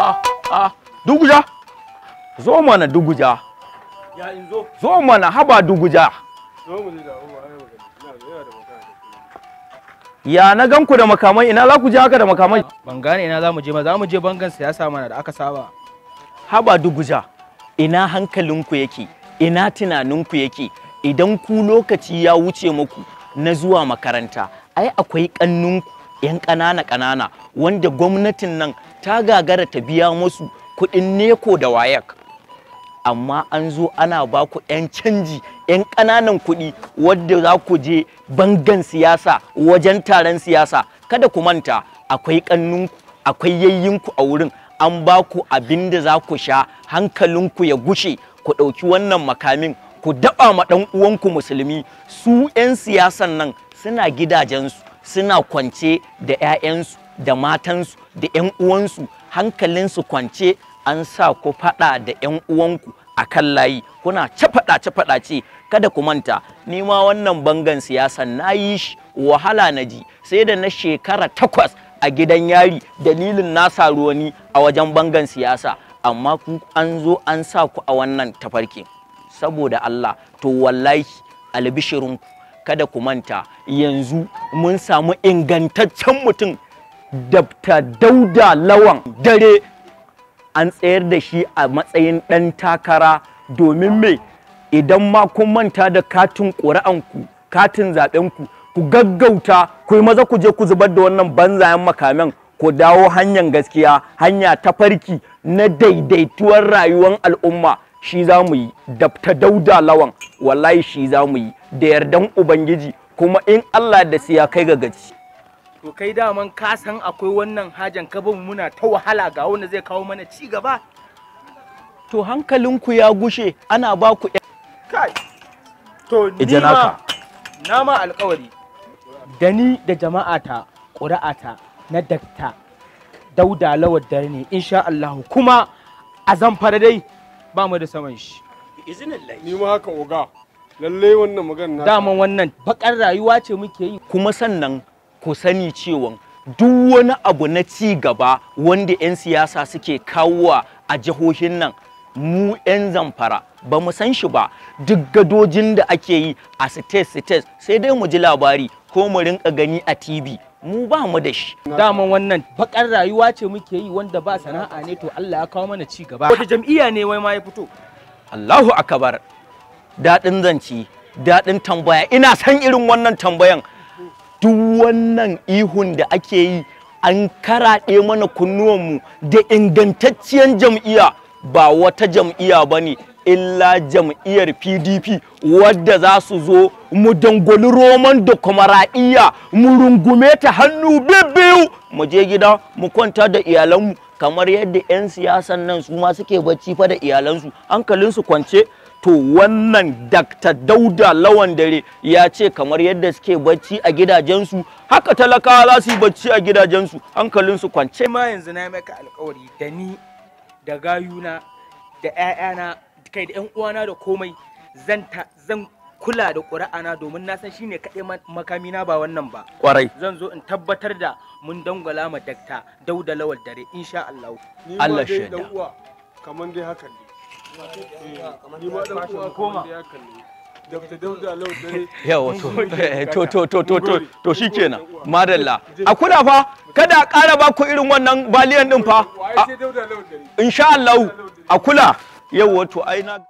Ah, ah, duguja, zo mana duguja. Ya in zo. mana haba duguja. Ya na gan ku da makamai ina za ku je haka da makamai? Ban gane ina za mu je ba za mu je bangan siyasa mana da aka saba. Haba duguja, ina hankalinku yake? ina tunaninku yake idan ku lokaci ya wuce muku na zuwa makaranta ai akwai ƙannunku 'yan ƙanana-ƙanana wanda gwamnatin nan ta gagara ta biya musu kuɗin neko da wayak amma an zo ana ba ku 'yan canji 'yan ƙananan kuɗi wadda za ku je bangan siyasa wajen taron siyasa kada ku manta akwai ƙannunku akwai yayyinku a wurin an ba ku abin za ku sha hankalinku ya gushe ku ɗauki wannan makamin ku daɓa ma ɗan uwanku musulmi su 'yan siyasan nan suna gidajensu suna kwance da 'ya'yansu da matansu da 'yan uwansu hankalinsu kwance an sa ku faɗa da 'yan uwanku a kan layi kuna cafaɗace faɗace kada ku manta ni ma wannan bangan siyasan na yi shi wahala na ji sai da na shekara takwas a gidan yari dalilin na ruwani a wajen bangan siyasa amma ku an zo an sa ku a wannan tafarki saboda Allah to wallahi ku kada ku manta yanzu mun samu ingantaccen mutum dabta dauda lawan dare an tsayar da shi a matsayin ɗan takara domin me idan ma kun manta da katin ƙuri'anku katin zaɓenku ku gaggauta ku yi maza ku je ku zubar da wannan banzayen makamen ku dawo hanyar gaskiya hanya ta farki na daidaituwar rayuwar al'umma shi za mu yi da ta dauda lawan wallahi shi za mu yi da yardan ubangiji kuma in Allah da siya kai ga gaci to kai daman ka san akwai wannan hajan ka muna ta wahala ga wanda zai kawo mana ci gaba to hankalinku ya gushe ana ba ku kai to ni ma alkawari da ni da jama'ata ƙuri'ata na dakta dauda lawar dare ne insha Allah kuma a zamfara dai ba mu da saman shi ni ma haka oga lalle wannan magana daman wannan bakar rayuwa ce muke yi kuma sannan ku sani cewa duk wani abu na ci gaba wanda 'yan siyasa suke kawowa a jihohin nan mu 'yan zamfara ba mu san shi ba duk gadojin da ake yi a state state sai dai mu ji labari ko mu rinka gani a tv mu ba mu da shi dama wannan bakar rayuwa ce muke yi wanda ba sana'a ne to Allah ya kawo mana ci gaba wata jam'iyya ne wai ma ya fito Allahu akbar dadin zanci dadin tambaya ina san irin wannan tambayan duk wannan ihun da ake yi an karaɗe mana kunnuwan mu da ingantacciyar jam'iyya ba wata jam'iyya ba ne illa jam'iyyar pdp wadda za su zo mu dangoli roman da ra'iya mu rungume ta hannu biyu mu je gida mu kwanta da iyalanmu kamar yadda 'yan siyasan nan su ma suke bacci fa da iyalansu hankalinsu kwance to wannan Dr dauda lawan dare ya ce kamar yadda suke bacci a gidajensu haka talakawa za su yi bacci a gidajensu hankalinsu kwance ma yanzu na maka alkawari da ni da gayuna da 'ya'yana kai da yan uwana da komai zan zan kula da ƙuri'ana domin na san shine kaɗai makami na ba wannan ba. Ƙwarai. Zan zo in tabbatar da mun dangwala ma dakta dauda lawal dare insha Allah. Allah shi da. uwa kaman dai haka ne. Eh, ni ma dan uwa koma. Dakta dauda lawal dare. Yawa eh, to to to to to to shikenan. Madalla. A kula fa kada a ƙara ba ku irin wannan baliyan din fa. Insha Allah. A kula. yau wato ai na